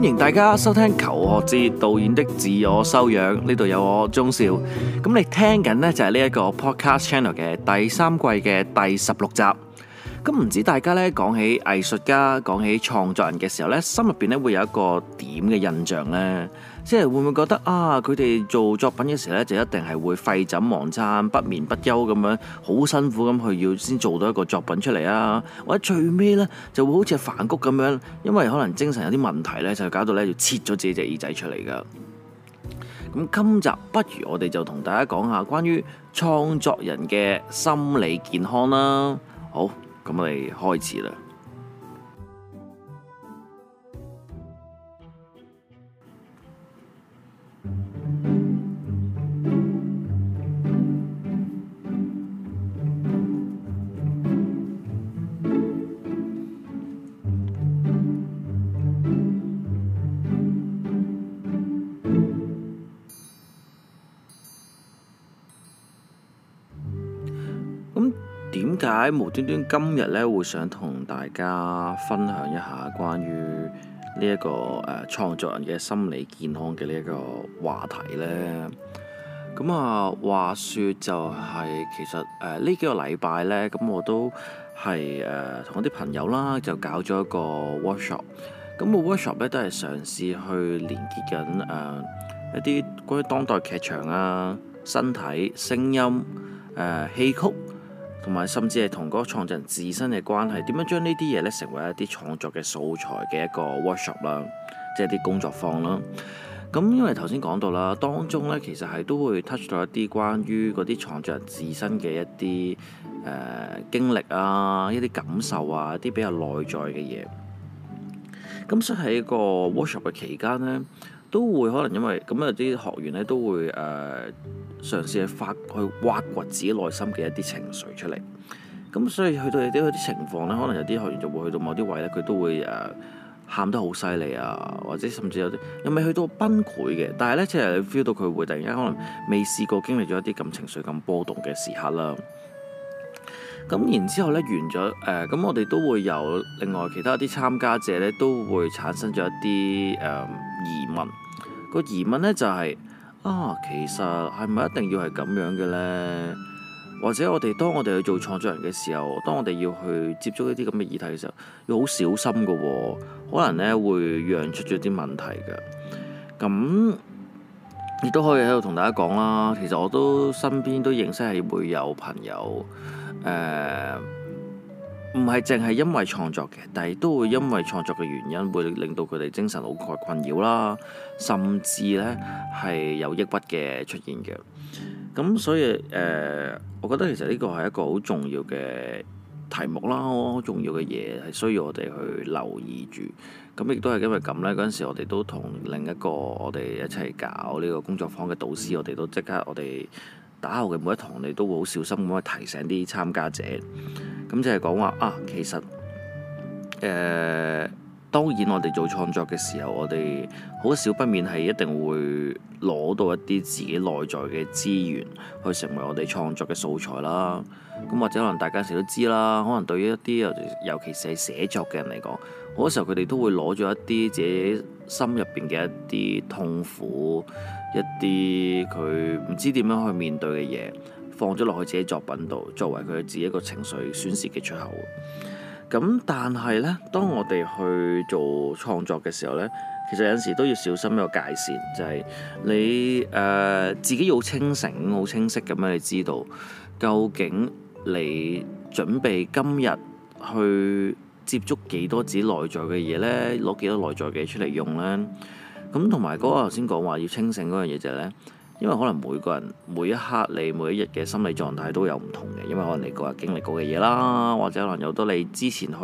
歡迎大家收聽求學誌導演的自我修養，呢度有我鍾少。咁你聽緊呢，就係呢一個 podcast channel 嘅第三季嘅第十六集。咁唔知大家呢，講起藝術家、講起創作人嘅時候呢，心入邊呢會有一個點嘅印象呢？即係會唔會覺得啊，佢哋做作品嘅時候呢，就一定係會廢寢忘餐、不眠不休咁樣，好辛苦咁去要先做到一個作品出嚟啊？或者最尾呢，就會好似阿梵谷咁樣，因為可能精神有啲問題呢，就搞到呢，要切咗自己隻耳仔出嚟噶。咁今集不如我哋就同大家講下關於創作人嘅心理健康啦。好，咁我哋開始啦。但無端端今日咧，會想同大家分享一下關於呢一個誒創作人嘅心理健康嘅呢一個話題咧。咁啊，話說就係、是、其實誒呢幾個禮拜咧，咁我都係誒同我啲朋友啦，就搞咗一個 workshop。咁個 workshop 咧，都係嘗試去連結緊誒一啲關於當代劇場啊、身體、聲音誒戲曲。同埋甚至係同嗰個創作人自身嘅關係，點樣將呢啲嘢咧成為一啲創作嘅素材嘅一個 workshop 啦，即係啲工作坊啦。咁因為頭先講到啦，當中咧其實係都會 touch 到一啲關於嗰啲創作人自身嘅一啲誒、呃、經歷啊、一啲感受啊、一啲比較內在嘅嘢。咁所以喺一個 workshop 嘅期間咧，都會可能因為咁有啲學員咧都會誒、呃、嘗試去發去挖掘自己內心嘅一啲情緒出嚟，咁、嗯、所以去到有啲啲情況咧，可能有啲學員就會去到某啲位咧，佢都會誒喊、呃、得好犀利啊，或者甚至有啲有未去到崩潰嘅，但係咧即係你 feel 到佢會突然間、嗯、可能未試過經歷咗一啲咁情緒咁波動嘅時刻啦。咁然之後咧完咗誒，咁、呃、我哋都會有另外其他啲參加者咧都會產生咗一啲誒疑問。嗯個疑問呢，就係、係、啊，其實係咪一定要係咁樣嘅呢？或者我哋當我哋去做創作人嘅時候，當我哋要去接觸一啲咁嘅議題嘅時候，要好小心嘅喎，可能呢，會讓出咗啲問題㗎。咁亦都可以喺度同大家講啦，其實我都身邊都認識係會有朋友誒。呃唔係淨係因為創作嘅，但係都會因為創作嘅原因，會令到佢哋精神好困擾啦，甚至咧係有抑鬱嘅出現嘅。咁所以誒、呃，我覺得其實呢個係一個好重要嘅題目啦，好重要嘅嘢係需要我哋去留意住。咁亦都係因為咁咧，嗰陣時我哋都同另一個我哋一齊搞呢個工作坊嘅導師，我哋都即刻我哋打後嘅每一堂，你都會好小心咁去提醒啲參加者。咁就係講話啊，其實誒、呃，當然我哋做創作嘅時候，我哋好少不免係一定會攞到一啲自己內在嘅資源，去成為我哋創作嘅素材啦。咁或者可能大家成日都知啦，可能對於一啲尤其是係寫作嘅人嚟講，好多時候佢哋都會攞咗一啲自己心入邊嘅一啲痛苦，一啲佢唔知點樣去面對嘅嘢。放咗落去自己作品度，作為佢自己一個情緒宣泄嘅出口。咁但係呢，當我哋去做創作嘅時候呢，其實有陣時都要小心一個界線，就係、是、你誒、呃、自己要清醒、好清晰咁樣，去知道究竟你準備今日去接觸幾多自己內在嘅嘢呢，攞幾多內在嘅嘢出嚟用呢。咁同埋嗰個頭先講話要清醒嗰樣嘢就係、是、呢。因為可能每個人每一刻你每一日嘅心理狀態都有唔同嘅，因為可能你嗰日經歷過嘅嘢啦，或者可能有得你之前去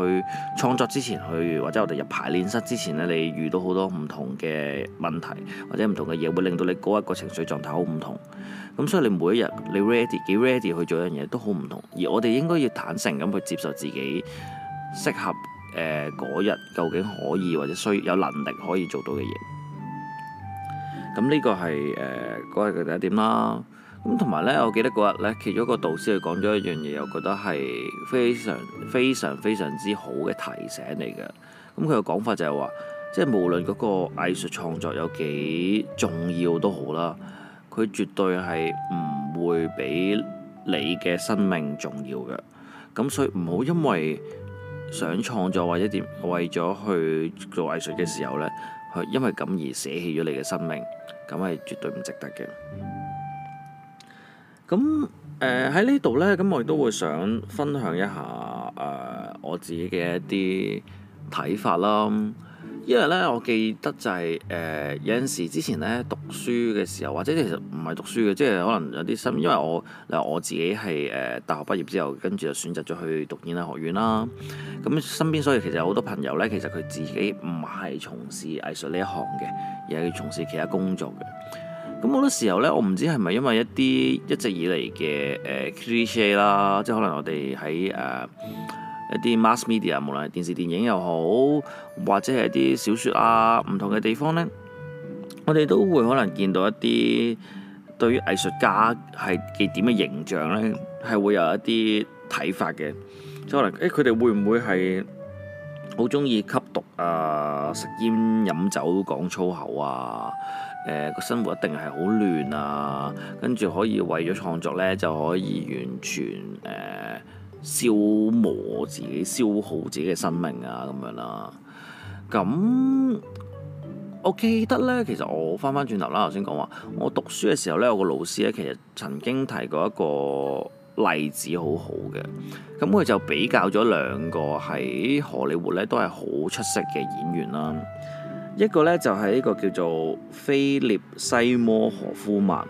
創作之前去，或者我哋入排練室之前咧，你遇到好多唔同嘅問題或者唔同嘅嘢，會令到你嗰一個情緒狀態好唔同。咁所以你每一日你 ready 幾 ready 去做一樣嘢都好唔同，而我哋應該要坦誠咁去接受自己適合誒嗰日究竟可以或者需有能力可以做到嘅嘢。咁呢個係誒嗰日嘅第一點啦。咁同埋咧，我記得嗰日咧，其中一個導師佢講咗一樣嘢，我覺得係非常非常非常之好嘅提醒嚟嘅。咁佢嘅講法就係話，即係無論嗰個藝術創作有幾重要都好啦，佢絕對係唔會比你嘅生命重要嘅。咁所以唔好因為想創作或者點為咗去做藝術嘅時候咧。因為咁而捨棄咗你嘅生命，咁係絕對唔值得嘅。咁誒喺呢度呢，咁我亦都會想分享一下誒、呃、我自己嘅一啲睇法啦。因為咧，我記得就係、是、誒、呃、有陣時之前咧讀書嘅時候，或者其實唔係讀書嘅，即係可能有啲心。因為我例如我自己係誒大學畢業之後，跟住就選擇咗去讀演藝學院啦。咁身邊所以其實有好多朋友咧，其實佢自己唔係從事藝術呢一行嘅，而係從事其他工作嘅。咁好多時候咧，我唔知係咪因為一啲一直以嚟嘅誒 creative 啦，呃、 即係可能我哋喺誒。呃一啲 mass media，無論係電視、電影又好，或者係啲小説啊，唔同嘅地方呢，我哋都會可能見到一啲對於藝術家係幾點嘅形象呢，係會有一啲睇法嘅。即可能，誒佢哋會唔會係好中意吸毒啊、食煙、飲酒、講粗口啊？誒、呃、個生活一定係好亂啊，跟住可以為咗創作呢，就可以完全誒。呃消磨自己、消耗自己嘅生命啊，咁樣啦。咁我記得呢，其實我翻翻轉頭啦，頭先講話我讀書嘅時候呢，有個老師呢，其實曾經提過一個例子好，好好嘅。咁佢就比較咗兩個喺荷里活呢都係好出色嘅演員啦。一個呢，就係呢個叫做菲烈西摩何夫曼。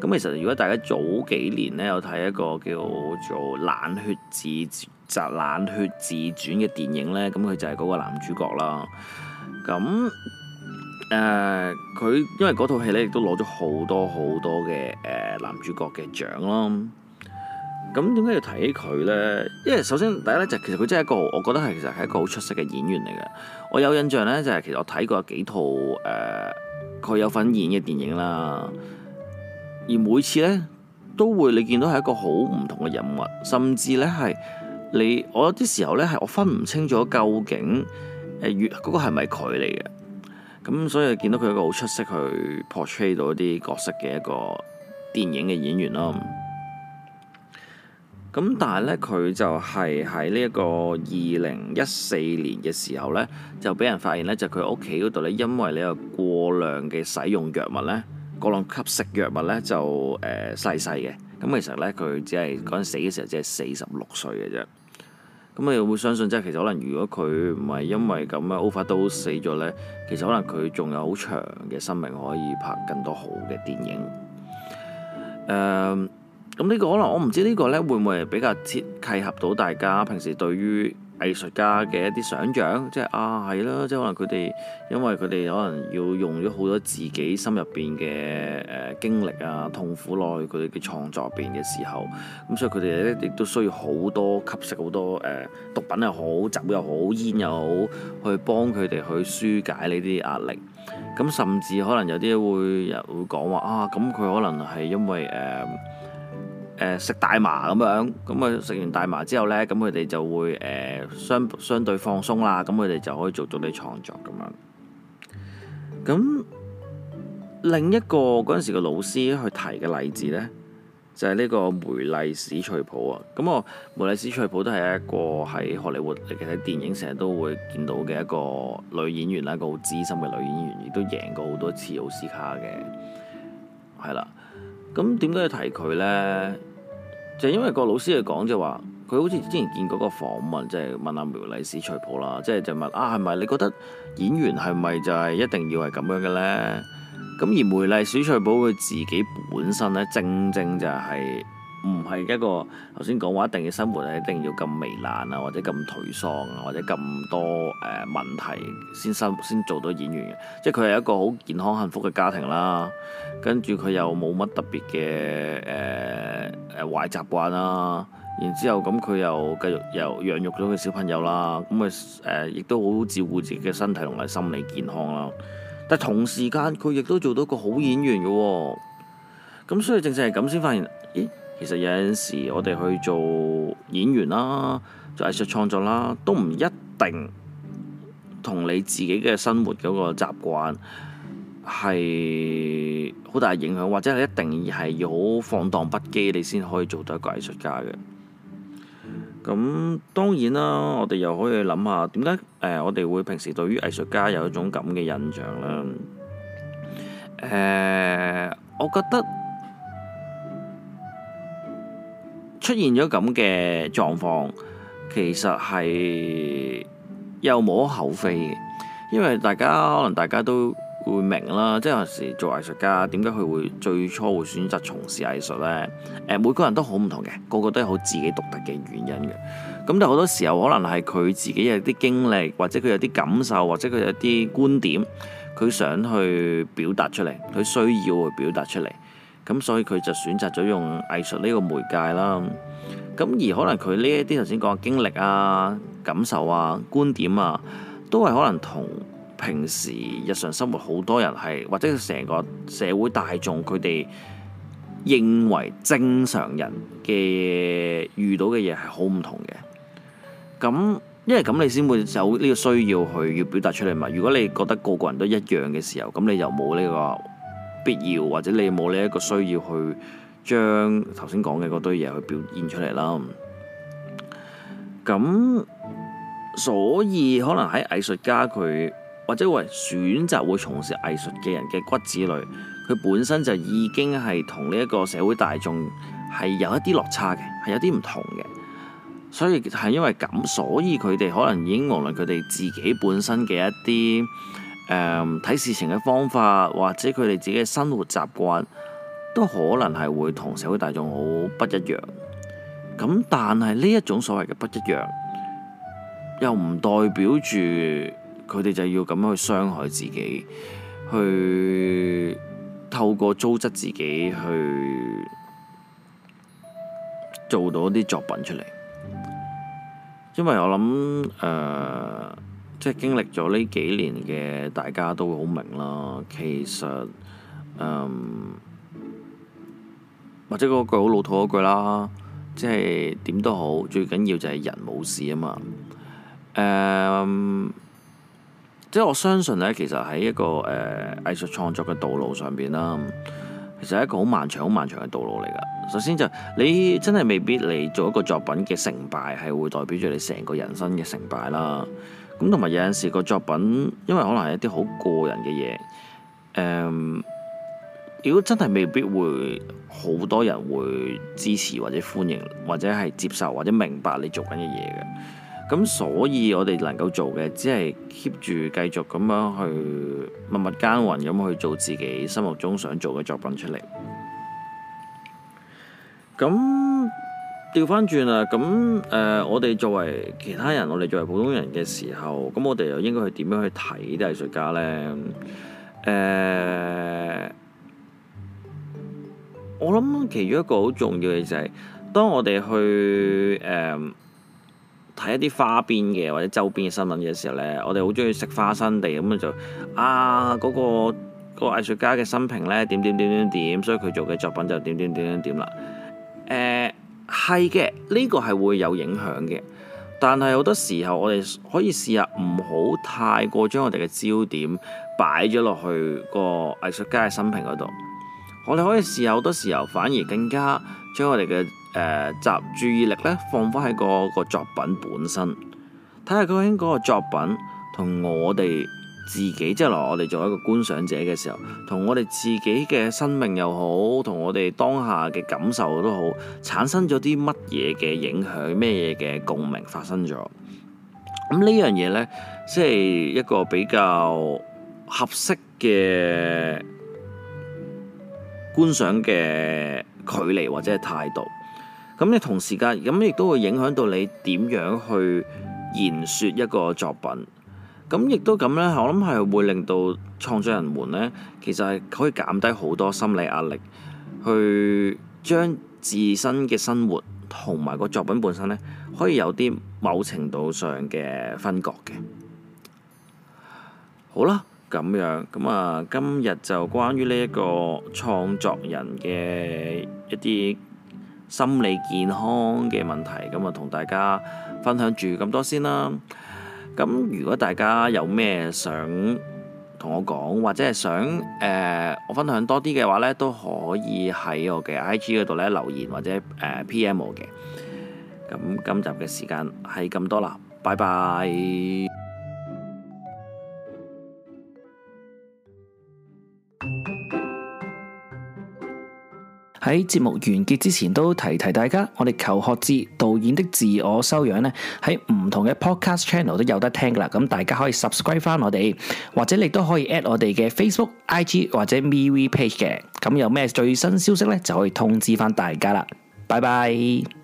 咁其實，如果大家早幾年咧有睇一個叫做冷《冷血自集》《冷血自傳》嘅電影咧，咁佢就係嗰個男主角啦。咁、嗯、誒，佢、呃、因為嗰套戲咧，亦都攞咗好多好多嘅誒、呃、男主角嘅獎咯。咁點解要睇佢咧？因為首先第一咧，就其實佢真係一個我覺得係其實係一個好出色嘅演員嚟嘅。我有印象咧，就係、是、其實我睇過有幾套誒佢有份演嘅電影啦。而每次咧都會你見到係一個好唔同嘅人物。甚至咧係你我有啲時候咧係我分唔清楚究竟誒越嗰個係咪佢嚟嘅？咁所以見到佢一個好出色去破 o r 到啲角色嘅一個電影嘅演員咯。咁但係咧，佢就係喺呢一個二零一四年嘅時候咧，就俾人發現咧就佢屋企嗰度咧，因為你有過量嘅使用藥物咧。過量吸食藥物咧就誒、呃、細細嘅，咁其實咧佢只係嗰陣死嘅時候只係四十六歲嘅啫。咁你會相信即係其實可能如果佢唔係因為咁樣，Oscar 都死咗咧，其實可能佢仲有好長嘅生命可以拍更多好嘅電影。誒、呃，咁呢個可能我唔知呢個咧會唔會係比較切契合到大家平時對於藝術家嘅一啲想像，即係啊，係咯，即係可能佢哋因為佢哋可能要用咗好多自己心入邊嘅誒經歷啊、痛苦落去佢哋嘅創作入邊嘅時候，咁所以佢哋咧亦都需要好多吸食好多誒、呃、毒品又好、酒又好、煙又好，去幫佢哋去疏解呢啲壓力。咁甚至可能有啲會會講話啊，咁佢可能係因為誒。呃誒、呃、食大麻咁樣，咁啊食完大麻之後咧，咁佢哋就會誒、呃、相相對放鬆啦，咁佢哋就可以做做啲創作咁樣。咁另一個嗰陣時嘅老師去提嘅例子咧，就係、是、呢個梅麗史翠普啊。咁我梅麗史翠普都係一個喺荷里活，你其實電影成日都會見到嘅一個女演員啦，一個好資深嘅女演員，亦都贏過好多次奧斯卡嘅，係啦。咁點解要提佢呢？就是、因為個老師係講就話，佢好似之前見過個訪問，即係問阿梅麗史翠寶啦，即係就問啊，係咪你覺得演員係咪就係一定要係咁樣嘅呢？咁而梅麗史翠寶佢自己本身呢，正正就係、是。唔係一個頭先講話，一定要生活係一定要咁糜爛啊，或者咁頹喪啊，或者咁多誒、呃、問題先生先做到演員嘅，即係佢係一個好健康幸福嘅家庭啦。跟住佢又冇乜特別嘅誒誒壞習慣啦。然之後咁佢又繼續又養育咗佢小朋友啦。咁咪誒亦都好照顧自己嘅身體同埋心理健康啦。但同時間佢亦都做到一個好演員嘅喎、哦。咁所以正正係咁先發現，咦？其實有陣時，我哋去做演員啦，做藝術創作啦，都唔一定同你自己嘅生活嗰個習慣係好大影響，或者係一定係要好放蕩不羈，你先可以做到一個藝術家嘅。咁當然啦，我哋又可以諗下點解誒我哋會平時對於藝術家有一種咁嘅印象啦。誒、呃，我覺得。出現咗咁嘅狀況，其實係又冇可厚非嘅，因為大家可能大家都會明啦，即係有時做藝術家點解佢會最初會選擇從事藝術呢？每個人都好唔同嘅，個個都係好自己獨特嘅原因嘅。咁但好多時候可能係佢自己有啲經歷，或者佢有啲感受，或者佢有啲觀點，佢想去表達出嚟，佢需要去表達出嚟。咁所以佢就選擇咗用藝術呢個媒介啦。咁而可能佢呢一啲頭先講嘅經歷啊、感受啊、觀點啊，都係可能同平時日常生活好多人係，或者成個社會大眾佢哋認為正常人嘅遇到嘅嘢係好唔同嘅。咁因為咁你先會有呢個需要去要表達出嚟嘛。如果你覺得個個人都一樣嘅時候，咁你就冇呢個。必要或者你冇呢一個需要去將頭先講嘅嗰堆嘢去表現出嚟啦。咁所以可能喺藝術家佢或者係選擇會從事藝術嘅人嘅骨子裏，佢本身就已經係同呢一個社會大眾係有一啲落差嘅，係有啲唔同嘅。所以係因為咁，所以佢哋可能已經無論佢哋自己本身嘅一啲。睇、um，事情嘅方法，或者佢哋自己嘅生活習慣，都可能係會同社會大眾好不一樣。咁但係呢一種所謂嘅不一樣，又唔代表住佢哋就要咁樣去傷害自己，去透過糟質自己去做到啲作品出嚟。因為我諗誒即係經歷咗呢幾年嘅，大家都好明啦。其實、嗯、或者嗰句好老土嗰句啦，即係點都好，最緊要就係人冇事啊嘛。嗯、即係我相信呢，其實喺一個誒、呃、藝術創作嘅道路上邊啦，其實係一個好漫長、好漫長嘅道路嚟噶。首先就、你真係未必你做一個作品嘅成敗，係會代表住你成個人生嘅成敗啦。咁同埋有陣時個作品，因為可能係一啲好個人嘅嘢，誒、嗯，如果真係未必會好多人會支持或者歡迎，或者係接受或者明白你做緊嘅嘢嘅，咁所以我哋能夠做嘅，只係 keep 住繼續咁樣去默默耕耘咁去做自己心目中想做嘅作品出嚟。咁。調翻轉啦，咁誒、呃，我哋作為其他人，我哋作為普通人嘅時候，咁我哋又應該去點樣去睇啲藝術家呢？誒、呃，我諗其中一個好重要嘅就係，當我哋去睇、呃、一啲花邊嘅或者周邊嘅新聞嘅時候呢，我哋好中意食花生地咁就啊，嗰、嗰個、嗰個藝術家嘅生平呢點點點點點，所以佢做嘅作品就點點點點點啦，啊係嘅，呢、這個係會有影響嘅，但係好多時候我哋可以試下唔好太過將我哋嘅焦點擺咗落去個藝術家嘅生平嗰度，我哋可以試下好多時候反而更加將我哋嘅誒集注意力咧放返喺、那個、這個作品本身，睇下究竟嗰個作品同我哋。自己即係話我哋作為一個觀賞者嘅時候，同我哋自己嘅生命又好，同我哋當下嘅感受都好，產生咗啲乜嘢嘅影響，咩嘢嘅共鳴發生咗。咁呢樣嘢咧，即係一個比較合適嘅觀賞嘅距離或者態度。咁你同時間咁亦都會影響到你點樣去言說一個作品。咁亦都咁咧，我諗係會令到創作人們咧，其實係可以減低好多心理壓力，去將自身嘅生活同埋個作品本身咧，可以有啲某程度上嘅分割嘅。好啦，咁樣咁啊，今日就關於呢一個創作人嘅一啲心理健康嘅問題，咁啊同大家分享住咁多先啦。咁如果大家有咩想同我講，或者係想誒、呃、我分享多啲嘅話呢，都可以喺我嘅 IG 嗰度咧留言或者誒、呃、PM 我嘅。咁今集嘅時間係咁多啦，拜拜。喺節目完結之前都提提大家，我哋求學誌導演的自我修養咧，喺唔同嘅 podcast channel 都有得聽噶啦。咁大家可以 subscribe 翻我哋，或者你都可以 at 我哋嘅 Facebook、IG 或者 MeWe page 嘅。咁有咩最新消息咧，就可以通知翻大家啦。拜拜。